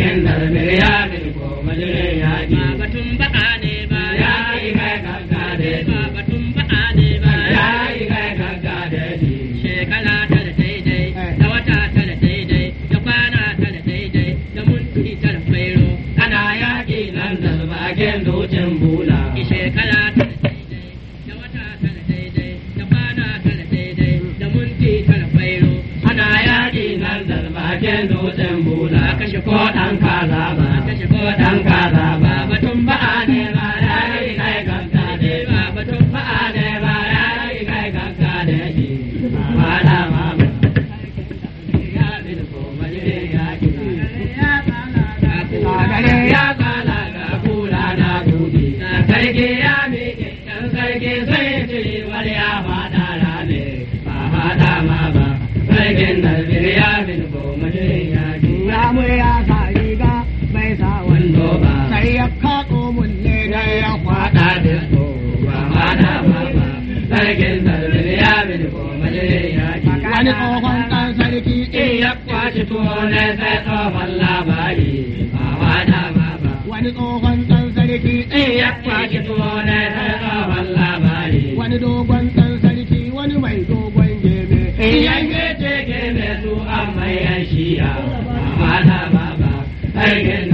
gendar mere ya gani ko sarki ya miƙe ɗan sarki sai ya ce wani ya fada rame ba fada ma ba sarkin nazir ya min goma ya ji ramu ya sa riga bai sa wando ba sai ya kaƙo mun ne da ya fada disko ba fada ma ba sarkin nazir ya min goma ya ji wani tsohon ɗan sarki in ya kwaci tuwo ne sai tsohon labari ba fada ma ba wani tsohon wani dogon ɗan sarki wani mai dogon geme. In eh. yanke ce geme su amma yan shiya, ba na ba ba, ai